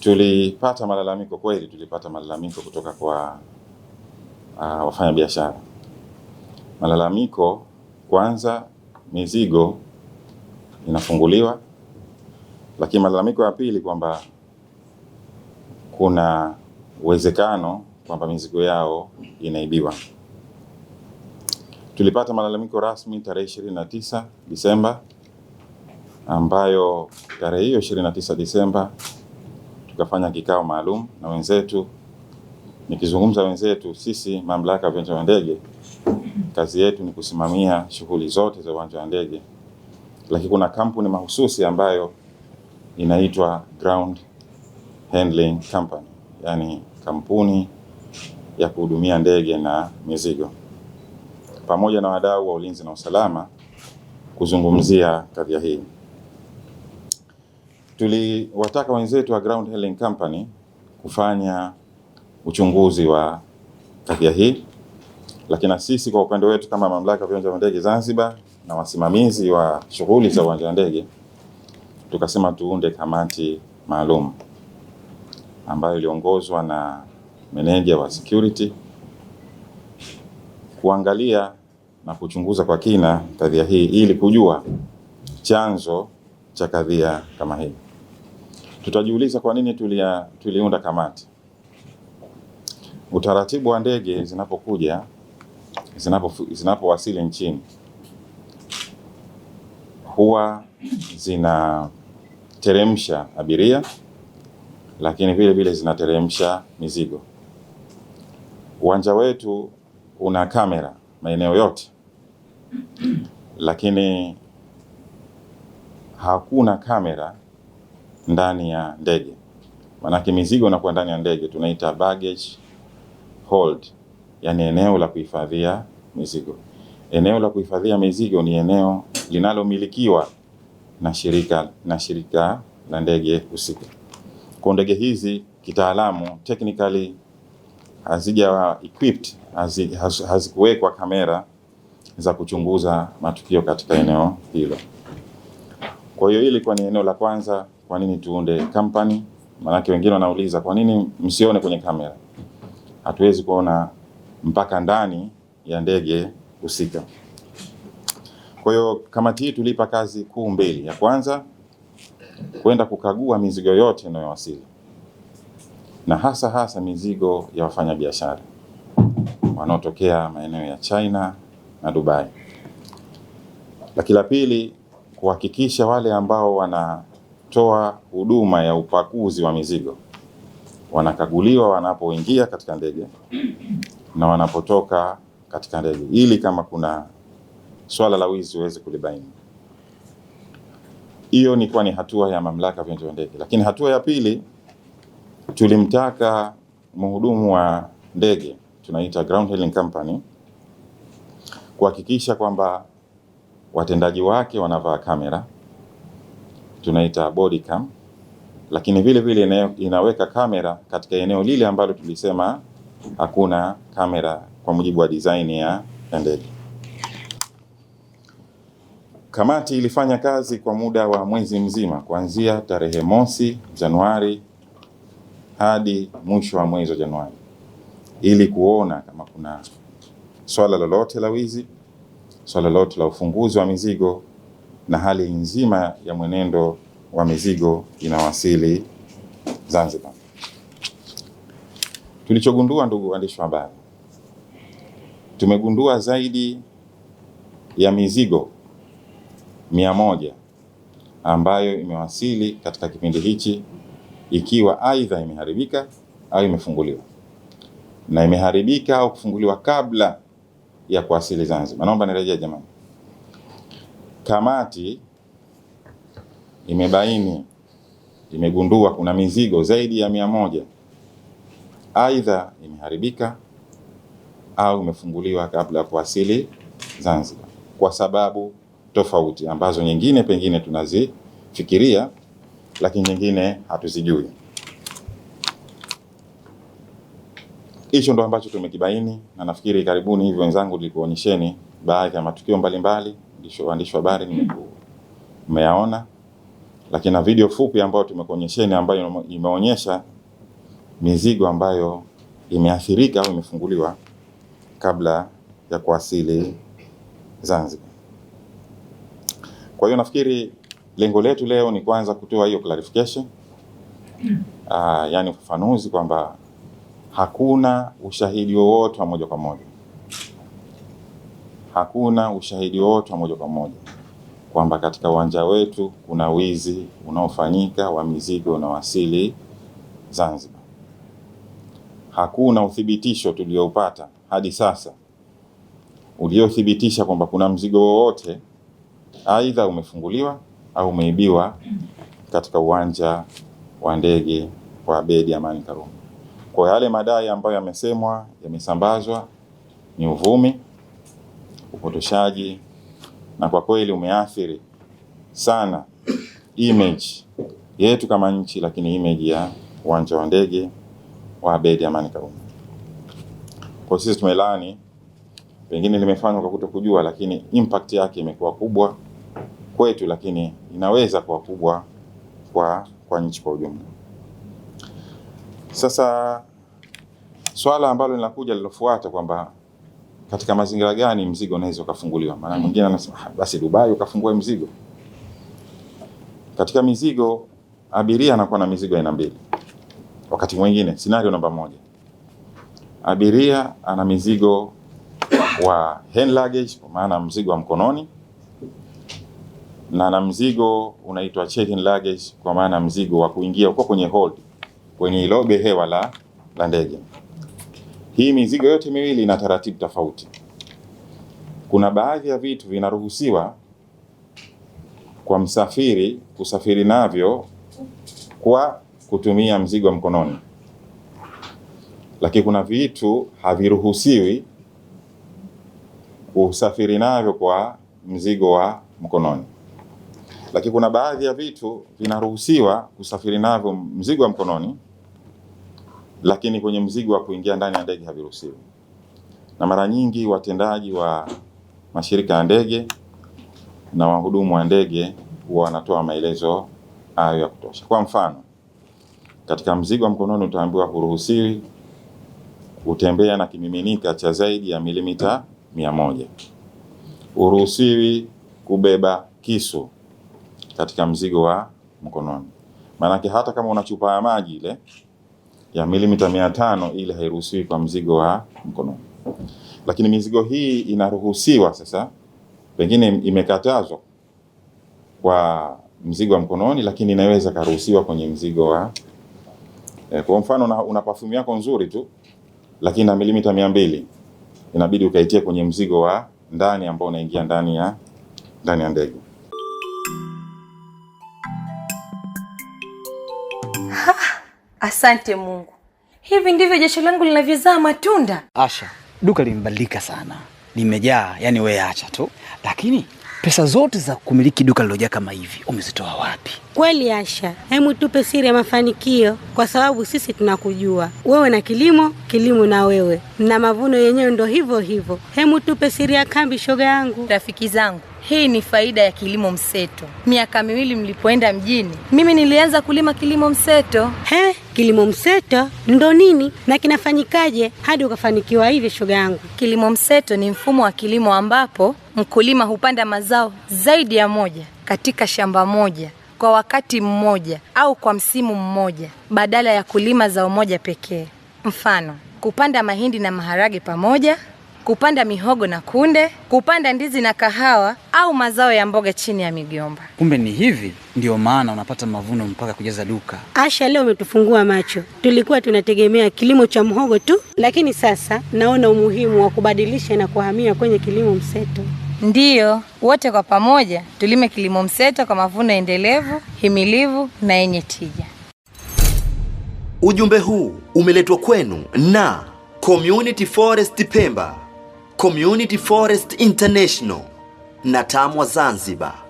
Tulipata malalamiko kweli, tulipata malalamiko kutoka kwa uh, ah, wafanyabiashara. Malalamiko kwanza, mizigo inafunguliwa, lakini malalamiko ya pili kwamba kuna uwezekano kwamba mizigo yao inaibiwa. Tulipata malalamiko rasmi tarehe 29 Disemba, ambayo tarehe hiyo 29 Disemba tukafanya kikao maalum na wenzetu. Nikizungumza wenzetu, sisi mamlaka ya viwanja vya ndege kazi yetu ni kusimamia shughuli zote za uwanja wa ndege, lakini kuna kampuni mahususi ambayo inaitwa Ground Handling Company, yani kampuni ya kuhudumia ndege na mizigo, pamoja na wadau wa ulinzi na usalama kuzungumzia kadhia hii tuliwataka wenzetu wa Ground Handling Company kufanya uchunguzi wa kadhia hii, lakini na sisi kwa upande wetu kama mamlaka ya viwanja vya ndege Zanzibar na wasimamizi wa shughuli za uwanja wa ndege tukasema tuunde kamati maalum ambayo iliongozwa na meneja wa security kuangalia na kuchunguza kwa kina kadhia hii ili kujua chanzo cha kadhia kama hii. Tutajiuliza kwa nini tulia, tuliunda kamati. Utaratibu wa ndege zinapokuja zinapowasili nchini huwa zinateremsha abiria, lakini vile vile zinateremsha mizigo. Uwanja wetu una kamera maeneo yote, lakini hakuna kamera ndani ya ndege. Maanake mizigo inakuwa ndani ya ndege, tunaita baggage hold, yani eneo la kuhifadhia mizigo. Eneo la kuhifadhia mizigo ni eneo linalomilikiwa na shirika na shirika la ndege husika. Kwa ndege hizi kitaalamu, technically hazijawa equipped, hazikuwekwa kamera za kuchunguza matukio katika eneo hilo. Kwa hiyo hili kwa ni eneo la kwanza kwa nini tuunde company? Maanake wengine wanauliza kwa nini msione kwenye kamera. Hatuwezi kuona mpaka ndani ya ndege husika. Kwa hiyo kamati hii tulipa kazi kuu mbili, ya kwanza kwenda kukagua mizigo yote inayowasili na hasa hasa mizigo ya wafanyabiashara wanaotokea maeneo ya China na Dubai, lakini la pili kuhakikisha wale ambao wana kutoa huduma ya upakuzi wa mizigo wanakaguliwa wanapoingia katika ndege na wanapotoka katika ndege, ili kama kuna swala la wizi uweze kulibaini. Hiyo ni kwa ni hatua ya mamlaka vyanzo vya ndege. Lakini hatua ya pili tulimtaka mhudumu wa ndege tunaita ground handling company kuhakikisha kwamba watendaji wake wanavaa kamera tunaita body cam, lakini vile vile inaweka kamera katika eneo lile ambalo tulisema hakuna kamera kwa mujibu wa design ya ndege. Kamati ilifanya kazi kwa muda wa mwezi mzima kuanzia tarehe mosi Januari hadi mwisho wa mwezi wa Januari ili kuona kama kuna swala lolote la wizi, swala lolote la ufunguzi wa mizigo na hali nzima ya mwenendo wa mizigo inawasili Zanzibar. Tulichogundua, ndugu waandishi wa habari, tumegundua zaidi ya mizigo mia moja ambayo imewasili katika kipindi hichi ikiwa aidha imeharibika au imefunguliwa na imeharibika au kufunguliwa kabla ya kuwasili Zanzibar. Naomba nirejee jamani kamati imebaini imegundua kuna mizigo zaidi ya mia moja aidha imeharibika au imefunguliwa kabla ya kuwasili Zanzibar kwa sababu tofauti ambazo nyingine pengine tunazifikiria lakini nyingine hatuzijui. Hicho ndo ambacho tumekibaini, na nafikiri karibuni hivi wenzangu nilikuonyesheni baadhi ya matukio mbalimbali mbali waandishi wa habari mmeyaona, lakini na video fupi ambayo tumekuonyesheni ambayo imeonyesha mizigo ambayo imeathirika au imefunguliwa kabla ya kuwasili Zanzibar. Kwa hiyo nafikiri lengo letu leo ni kwanza kutoa hiyo clarification hmm. aa, ah, yani ufafanuzi kwamba hakuna ushahidi wowote wa moja kwa moja hakuna ushahidi wowote wa moja kwa moja kwamba katika uwanja wetu kuna wizi unaofanyika wa mizigo unaowasili Zanzibar. Hakuna uthibitisho tulioupata hadi sasa uliothibitisha kwamba kuna mzigo wowote aidha umefunguliwa au umeibiwa katika uwanja wa ndege wa Abeid Amani Karume. Kwa yale madai ambayo yamesemwa yamesambazwa ni uvumi upotoshaji, na kwa kweli umeathiri sana image yetu kama nchi, lakini image ya uwanja wa ndege wa Abeid Amani Karume. Kwa sisi tumelani, pengine limefanywa kwa kutokujua, lakini impact yake imekuwa kubwa kwetu, lakini inaweza kuwa kubwa kwa, kwa nchi kwa ujumla. Sasa swala ambalo linakuja lilofuata kwamba katika mazingira gani mzigo unaweza ukafunguliwa? Maana mm. mwingine mm. anasema basi Dubai ukafungua mzigo. Katika mizigo, abiria anakuwa na mizigo aina mbili. Wakati mwingine, scenario namba moja, abiria ana mizigo wa hand luggage, kwa maana mzigo wa mkononi, na na mzigo unaitwa check-in luggage, kwa maana mzigo wa kuingia uko kwenye hold, kwenye ilobe hewa la la ndege. Hii mizigo yote miwili ina taratibu tofauti. Kuna baadhi ya vitu vinaruhusiwa kwa msafiri kusafiri navyo kwa kutumia mzigo mkononi, lakini kuna vitu haviruhusiwi kusafiri navyo kwa mzigo wa mkononi, lakini kuna baadhi ya vitu vinaruhusiwa kusafiri navyo mzigo wa mkononi lakini kwenye mzigo wa kuingia ndani ya ndege haviruhusiwi. Na mara nyingi watendaji wa mashirika ya ndege na wahudumu wa ndege huwa wanatoa maelezo hayo ya kutosha. Kwa mfano, katika mzigo wa mkononi utaambiwa huruhusiwi kutembea na kimiminika cha zaidi ya milimita mia moja. Huruhusiwi kubeba kisu katika mzigo wa mkononi, maanake hata kama una chupa ya maji ile ya milimita mia tano ili hairuhusiwi kwa mzigo wa mkononi, lakini mizigo hii inaruhusiwa sasa. Pengine imekatazwa kwa mzigo wa mkononi, lakini inaweza karuhusiwa kwenye mzigo wa e, kwa mfano una, una parfum yako nzuri tu lakini na milimita mia mbili inabidi ukaitia kwenye mzigo wa ndani ambao unaingia ndani ya ndani ya ndege. Asante Mungu. Hivi ndivyo jasho langu linavyozaa matunda. Asha, duka limebadilika sana, limejaa. Yani wewe acha tu, lakini pesa zote za kumiliki duka lilojaa kama hivi umezitoa wapi? Kweli Asha, hemu tupe siri ya mafanikio, kwa sababu sisi tunakujua wewe na kilimo, kilimo na wewe na mavuno yenyewe ndo hivyo hivyo. Hemu tupe siri ya kambi, shoga yangu, rafiki zangu. Hii ni faida ya kilimo mseto. Miaka miwili mlipoenda mjini, mimi nilianza kulima kilimo mseto. He? kilimo mseto ndo nini na kinafanyikaje hadi ukafanikiwa hivi, shuga yangu? Kilimo mseto ni mfumo wa kilimo ambapo mkulima hupanda mazao zaidi ya moja katika shamba moja kwa wakati mmoja au kwa msimu mmoja badala ya kulima zao moja pekee. Mfano, kupanda mahindi na maharage pamoja kupanda mihogo na kunde, kupanda ndizi na kahawa au mazao ya mboga chini ya migomba. Kumbe ni hivi ndio maana unapata mavuno mpaka kujaza duka. Asha, leo umetufungua macho. Tulikuwa tunategemea kilimo cha mhogo tu, lakini sasa naona umuhimu wa kubadilisha na kuhamia kwenye kilimo mseto. Ndiyo, wote kwa pamoja tulime kilimo mseto kwa mavuno endelevu, himilivu na yenye tija. Ujumbe huu umeletwa kwenu na Community Forest Pemba. Community Forest International na TAMWA Zanzibar.